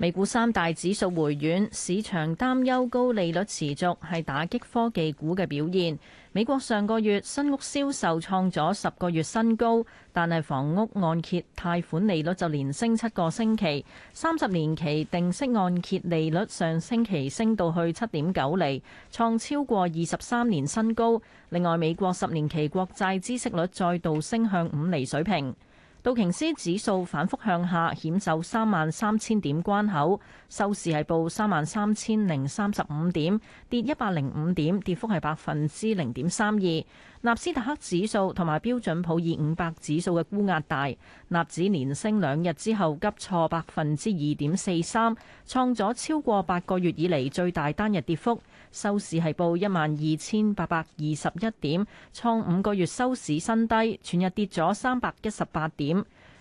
美股三大指數回軟，市場擔憂高利率持續係打擊科技股嘅表現，美國上個月新屋銷售創咗十個月新高，但係房屋按揭貸款利率就連升七個星期，三十年期定息按揭利率上星期升到去七點九厘，創超過二十三年新高。另外，美國十年期國債孳息率再度升向五厘水平。道瓊斯指數反覆向下，險守三萬三千點關口，收市係報三萬三千零三十五點，跌一百零五點，跌幅係百分之零點三二。納斯達克指數同埋標準普爾五百指數嘅沽壓大，納指連升兩日之後急挫百分之二點四三，創咗超過八個月以嚟最大單日跌幅，收市係報一萬二千八百二十一點，創五個月收市新低，全日跌咗三百一十八點。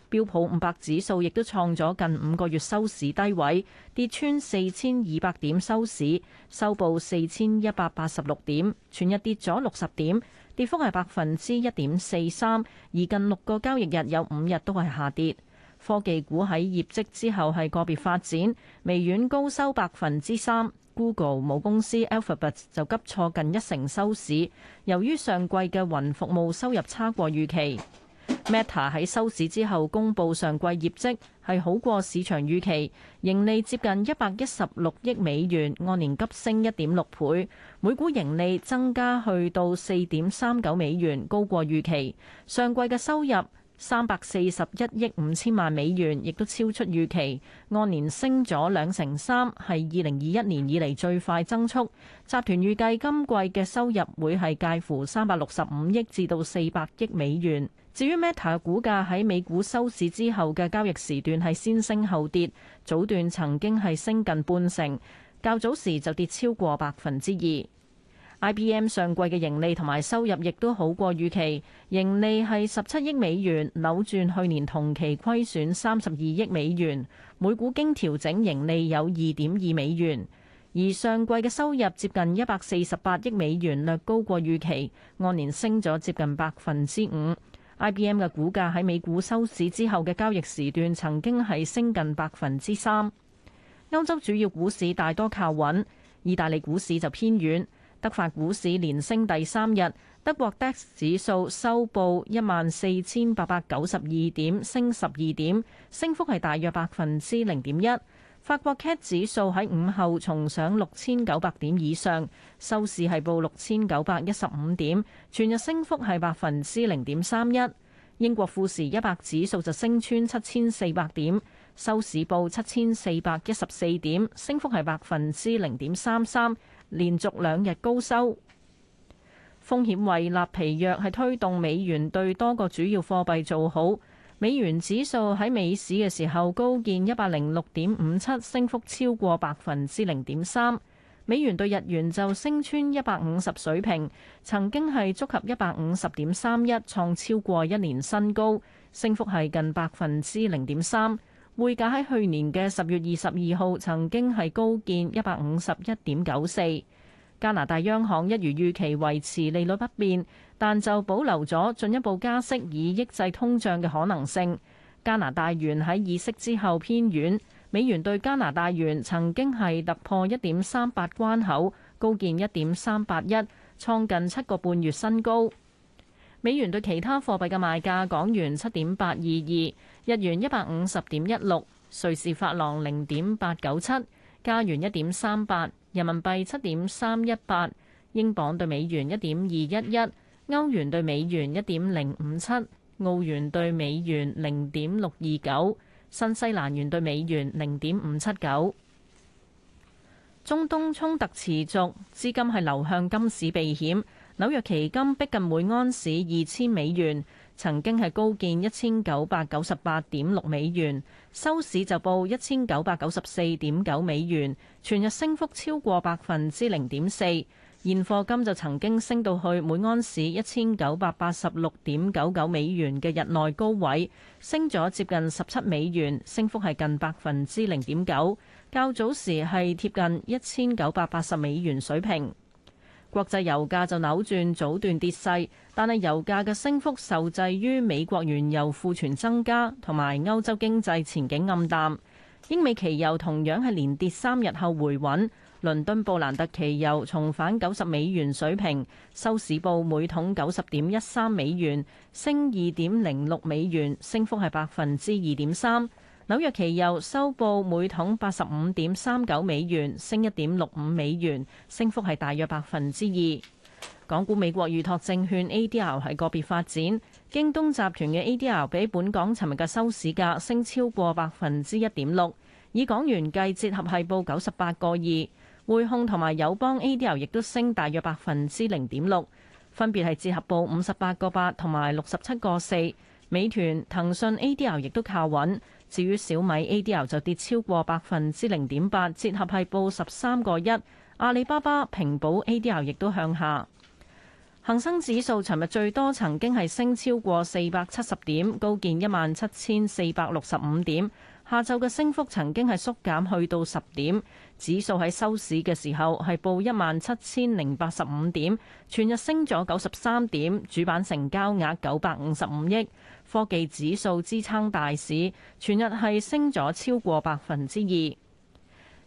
標普五百指數，亦都創咗近五個月收市低位，跌穿四千二百點收市，收報四千一百八十六點，全日跌咗六十點，跌幅係百分之一點四三，而近六個交易日有五日都係下跌。科技股喺業績之後係個別發展，微軟高收百分之三，Google 母公司 Alphabet 就急挫近一成收市，由於上季嘅雲服務收入差過預期。Meta 喺收市之後公佈上季業績係好過市場預期，盈利接近一百一十六億美元，按年急升一點六倍，每股盈利增加去到四點三九美元，高過預期。上季嘅收入三百四十一億五千萬美元，亦都超出預期，按年升咗兩成三，係二零二一年以嚟最快增速。集團預計今季嘅收入會係介乎三百六十五億至到四百億美元。至於 Meta 嘅股價喺美股收市之後嘅交易時段係先升後跌，早段曾經係升近半成，較早時就跌超過百分之二。IBM 上季嘅盈利同埋收入亦都好過預期，盈利係十七億美元，扭轉去年同期虧損三十二億美元，每股經調整盈利有二點二美元，而上季嘅收入接近一百四十八億美元，略高過預期，按年升咗接近百分之五。IBM 嘅股價喺美股收市之後嘅交易時段曾經係升近百分之三。歐洲主要股市大多靠穩，意大利股市就偏軟，德法股市連升第三日。德國 DAX 指數收報一萬四千八百九十二點，升十二點，升幅係大約百分之零點一。法國 CAC 指數喺午後重上六千九百點以上，收市係報六千九百一十五點，全日升幅係百分之零點三一。英國富時一百指數就升穿七千四百點，收市報七千四百一十四點，升幅係百分之零點三三，連續兩日高收。風險胃納偏弱係推動美元對多個主要貨幣做好。美元指數喺美市嘅時候高見一百零六點五七，升幅超過百分之零點三。美元兌日元就升穿一百五十水平，曾經係觸及一百五十點三一，創超過一年新高，升幅係近百分之零點三。匯價喺去年嘅十月二十二號曾經係高見一百五十一點九四。加拿大央行一如預期維持利率不變，但就保留咗進一步加息以抑制通脹嘅可能性。加拿大元喺議息之後偏軟，美元對加拿大元曾經係突破一點三八關口，高見一點三八一，創近七個半月新高。美元對其他貨幣嘅賣價港元七點八二二，日元一百五十點一六，瑞士法郎零點八九七，加元一點三八。人民幣七點三一八，英鎊對美元一點二一一，歐元對美元一點零五七，澳元對美元零點六二九，新西蘭元對美元零點五七九。中東衝突持續，資金係流向金市避險，紐約期金逼近每安士二千美元。曾經係高見一千九百九十八點六美元，收市就報一千九百九十四點九美元，全日升幅超過百分之零點四。現貨金就曾經升到去每安士一千九百八十六點九九美元嘅日內高位，升咗接近十七美元，升幅係近百分之零點九。較早時係貼近一千九百八十美元水平。國際油價就扭轉早段跌勢，但係油價嘅升幅受制於美國原油庫存增加同埋歐洲經濟前景暗淡。英美期油同樣係連跌三日後回穩，倫敦布蘭特期油重返九十美元水平，收市報每桶九十點一三美元，升二點零六美元，升幅係百分之二點三。紐約期油收報每桶八十五點三九美元，升一點六五美元，升幅係大約百分之二。港股美國預託證券 A.D.R 係個別發展，京東集團嘅 A.D.R 比本港尋日嘅收市價升超過百分之一點六，以港元計，折合係報九十八個二。匯控同埋友邦 A.D.R 亦都升大約百分之零點六，分別係折合報五十八個八同埋六十七個四。美團、騰訊 A.D.R 亦都靠穩。至於小米 A D L 就跌超過百分之零點八，折合係報十三個一。阿里巴巴平保 A D L 亦都向下。恒生指數尋日最多曾經係升超過四百七十點，高見一萬七千四百六十五點。下晝嘅升幅曾經係縮減去到十點，指數喺收市嘅時候係報一萬七千零八十五點，全日升咗九十三點，主板成交額九百五十五億，科技指數支撐大市，全日係升咗超過百分之二。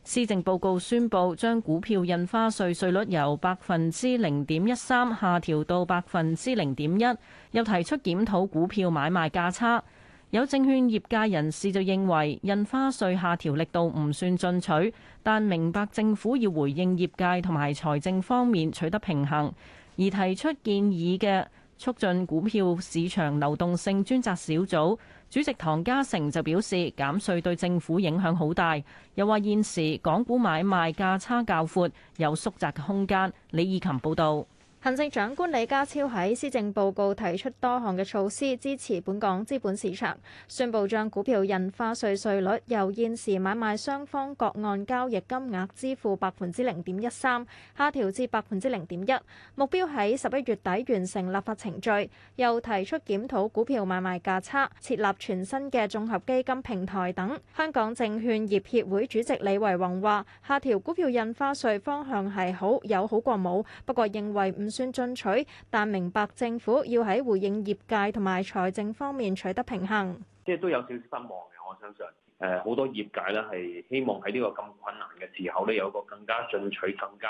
施政報告宣布將股票印花稅稅率由百分之零點一三下調到百分之零點一，又提出檢討股票買賣價差。有證券業界人士就認為印花稅下調力度唔算進取，但明白政府要回應業界同埋財政方面取得平衡，而提出建議嘅促進股票市場流動性專責小組主席唐家成就表示減稅對政府影響好大，又話現時港股買賣價差較闊，有縮窄嘅空間。李義琴報導。行政長官李家超喺施政報告提出多項嘅措施支持本港資本市場，宣布將股票印花稅稅率由現時買賣雙方各按交易金額支付百分之零點一三，下調至百分之零點一，目標喺十一月底完成立法程序。又提出檢討股票買賣價差、設立全新嘅綜合基金平台等。香港證券業協會主席李維宏話：下調股票印花稅方向係好，有好過冇，不過認為唔算進取，但明白政府要喺回應業界同埋財政方面取得平衡，即係都有少少失望嘅。我相信誒好多業界咧係希望喺呢個咁困難嘅時候咧有一個更加進取、更加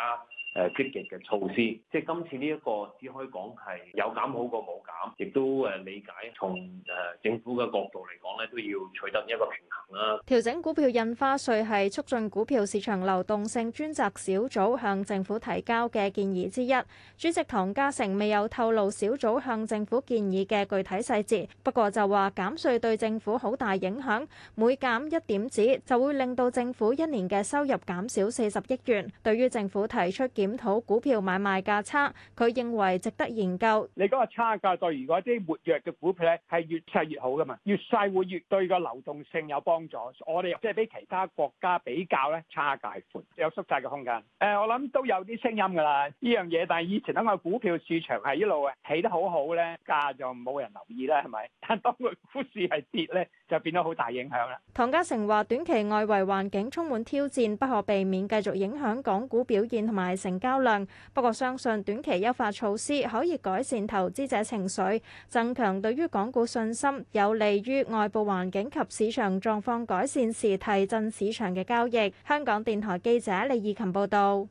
誒積極嘅措施，即係今次呢一個只可以講係有減好過冇減，亦都誒理解從誒政府嘅角度嚟講咧，都要取得一個平衡啦。調整股票印花稅係促進股票市場流動性專責小組向政府提交嘅建議之一。主席唐家成未有透露小組向政府建議嘅具體細節，不過就話減稅對政府好大影響，每減一點子就會令到政府一年嘅收入減少四十億元。對於政府提出建檢討股票買賣價差，佢認為值得研究。你嗰個差價對如果啲活躍嘅股票咧係越細越好噶嘛？越細會越對個流動性有幫助。我哋即係畀其他國家比較咧，差價係寬，有縮窄嘅空間。誒，我諗都有啲聲音噶啦，呢樣嘢。但係以前咧，個股票市場係一路起得好好咧，價就冇人留意啦，係咪？但當佢股市係跌咧，就變咗好大影響啦。唐家成話，短期外圍環境充滿挑戰，不可避免繼續影響港股表現同埋成成交量，不過相信短期優化措施可以改善投資者情緒，增強對於港股信心，有利於外部環境及市場狀況改善時提振市場嘅交易。香港電台記者李義琴報道。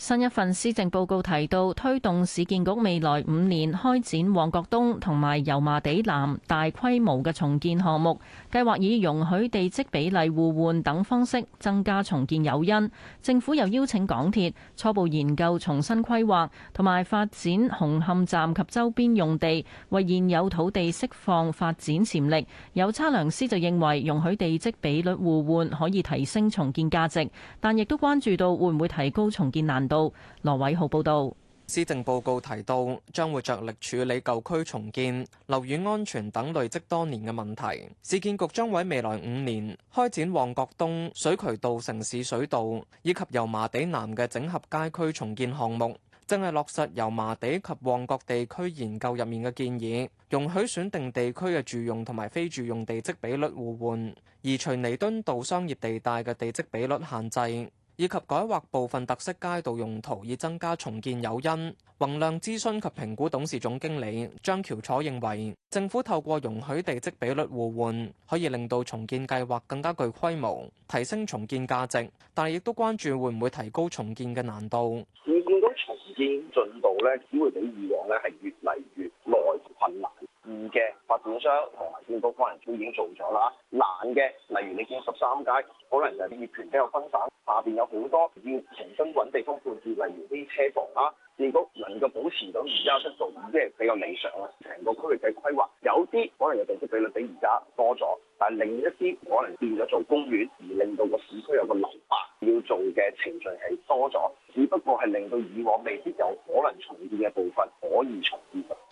新一份施政報告提到推動市建局未來五年開展旺角東同埋油麻地南大規模嘅重建項目，計劃以容許地積比例互換等方式增加重建誘因。政府又邀請港鐵初步研究重新規劃同埋發展紅磡站及周邊用地，為現有土地釋放發展潛力。有測量師就認為容許地積比率互換可以提升重建價值，但亦都關注到會唔會提高重建難度。到羅偉浩報道，施政報告提到，將會着力處理舊區重建、樓宇安全等累積多年嘅問題。市建局將喺未來五年開展旺角東水渠道、城市水道以及油麻地南嘅整合街區重建項目，正係落實油麻地及旺角地區研究入面嘅建議，容許選定地區嘅住用同埋非住用地積比率互換，而除彌敦道商業地帶嘅地積比率限制。以及改劃部分特色街道用途，以增加重建誘因。宏亮諮詢及評估董事總經理張喬楚認為，政府透過容許地積比率互換，可以令到重建計劃更加具規模，提升重建價值，但亦都關注會唔會提高重建嘅難度。你見到重建進度咧，只會比以往咧係越嚟越，商同埋建局可能都已經做咗啦。難嘅，例如你見十三街，可能就係業權比較分散，下邊有好多要重新揾地方配置，例如啲車房啦。建局能夠保持到而家嘅速度，已經係比較理想啦。成個區域嘅規劃，有啲可能有地積比率比而家多咗，但另一啲可能變咗做公園，而令到個市區有個留白要做嘅程序係多咗。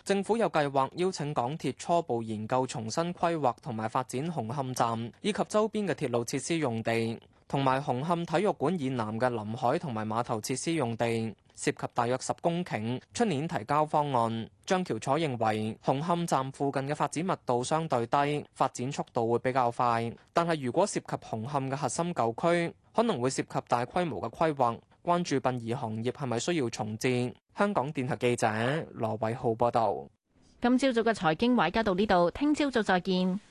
政府有計劃邀請港鐵初步研究重新規劃同埋發展紅磡站以及周邊嘅鐵路設施用地，同埋紅磡體育館以南嘅臨海同埋碼頭設施用地，涉及大約十公頃，出年提交方案。張橋楚認為紅磡站附近嘅發展密度相對低，發展速度會比較快，但係如果涉及紅磡嘅核心舊區，可能會涉及大規模嘅規劃，關注殯儀行業係咪需要重置。香港電台記者羅偉浩報道。今朝早嘅財經華爾街到呢度，聽朝早再見。